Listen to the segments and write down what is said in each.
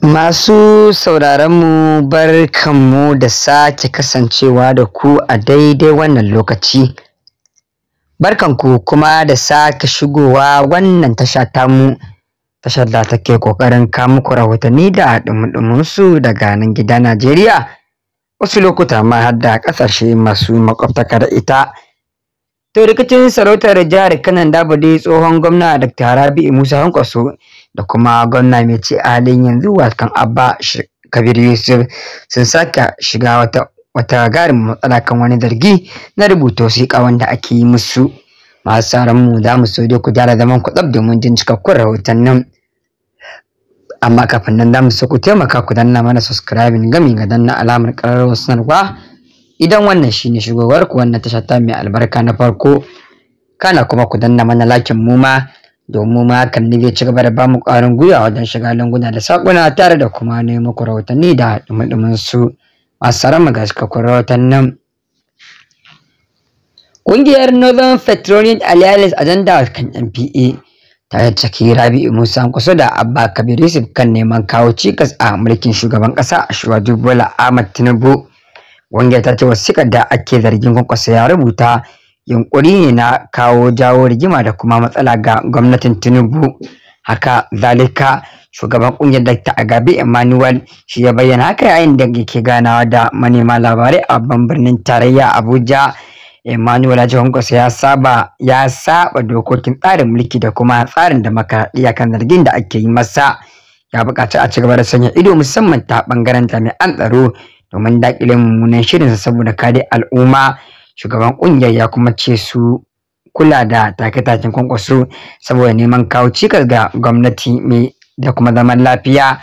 Masu sauraronmu barkanmu da sake kasancewa da ku a daidai wannan lokaci. barkan ku kuma da sake shigowa wannan tasha mu. tashar da take ƙoƙarin kawo muku rahotanni da ɗumuɗuminsu daga nan gida Najeriya, wasu lokuta ma har da ƙasashe masu maƙwabtaka da ita. To rikicin sarautar jihar Kanan Dabade tsohon gwamna Dr. Rabi Musa Hankwaso da kuma gwamna mai ce halin yanzu watan Abba Kabir Yusuf sun saka shiga wata wata garin matsala kan wani zargi na rubuta wasiƙa da ake yi musu. Masu sauran mu za mu so dai ku gyara zaman ku tsab domin jin cikakkun rahoton nan. Amma kafin nan za mu so ku taimaka ku danna mana subscribing gami ga danna alamar ƙararrawar sanarwa idan wannan shine shigowar ku wannan tasha ta mai albarka na farko kana kuma ku danna mana lakin mu ma domin ma hakan ne zai ci gaba da ba mu ƙarin gwiwa wajen shiga lunguna da saƙuna tare da kuma ne muku rahotanni da dumudumin su masu mu ga cikakkun rahotannin Ƙungiyar Northern Petroleum Alliance Agenda kan NPA ta yi ciki Rabi'u Musa kusa da Abba Kabir Yusuf kan neman kawo cikas a mulkin shugaban ƙasa a Dubola Ahmad Tinubu. Wangiyar ta ce wasikar da ake zargin kwankwasa ya rubuta yunkuri ne na kawo jawo rigima da kuma matsala ga gwamnatin Tinubu. Haka zalika shugaban kungiyar Dr. Agabi Emmanuel shi ya bayyana haka yayin da ke ganawa da manema labarai a babban birnin tarayya Abuja. Emmanuel Ajihonkos ya saba ya saba dokokin tsarin mulki da kuma tsarin demokradiyya kan zargin da ake yi masa. Ya bukaci a ci gaba da sanya ido musamman ta bangaren jami'an tsaro domin dakile mummunan sa saboda kare al'umma shugaban ƙungiyar ya kuma ce su kula da take-taken kwankwaso saboda neman kawo cikas ga gwamnati mai da kuma zaman lafiya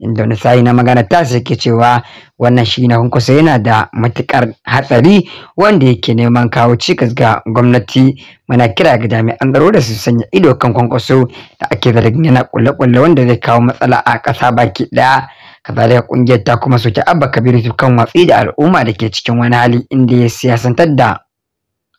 inda wani sayi na magana ta ke cewa wannan shi na kwankwaso yana da matukar hatsari wanda yake neman kawo cikas ga gwamnati muna kira ga jami'an tsaro da su sanya ido kan kwankwaso da ake zargin yana kulle-kulle wanda zai kawo matsala a ƙasa baki ɗaya kazalika kungiyar ta kuma soke abba kabiru kan watsi da al'umma da ke cikin wani hali inda ya siyasantar da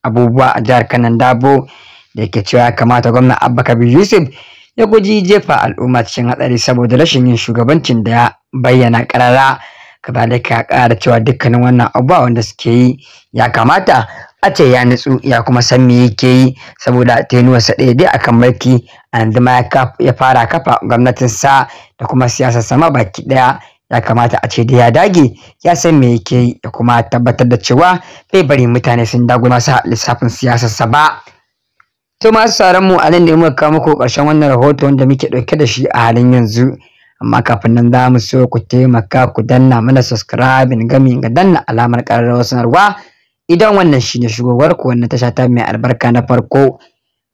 abubuwa a jihar kanan dabo da ke cewa ya kamata gwamna abba kabiru yusuf ya guji jefa al'umma cikin hatsari saboda rashin yin shugabancin da ya bayyana karara kazalika ya kara cewa dukkanin wannan abubuwa wanda suke yi ya kamata a ce ya nutsu ya kuma san me yake yi saboda tenuwarsa ɗaya dai akan mulki Andima ya fara kafa gwamnatinsa da kuma siyasar sama baki ɗaya ya kamata a ce da ya dage ya san me yake ya kuma tabbatar da cewa bai bari mutane sun dago masa lissafin siyasarsa ba. To masu sauran mu a nan ne muka kawo muku ƙarshen wannan rahoton wanda muke ɗauke da shi a halin yanzu. Amma kafin nan za mu so ku taimaka ku danna mana subscribing gami ga danna alamar ƙararrawar sanarwa idan wannan shine shigowar ku wannan tasha ta mai albarka na farko.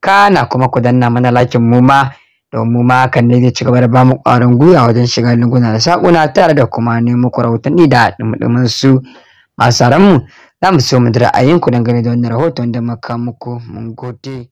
na kuma ku danna mana lakin mu ma don mu ma kan ne zai ci gaba da bamu ƙwarin gwiwa wajen shiga lunguna da saƙuna tare da kuma nemo ku rahotanni da ɗumɗumin su masu mu za mu so mu ji ra'ayinku dangane da wannan rahoton da muka muku mun gode.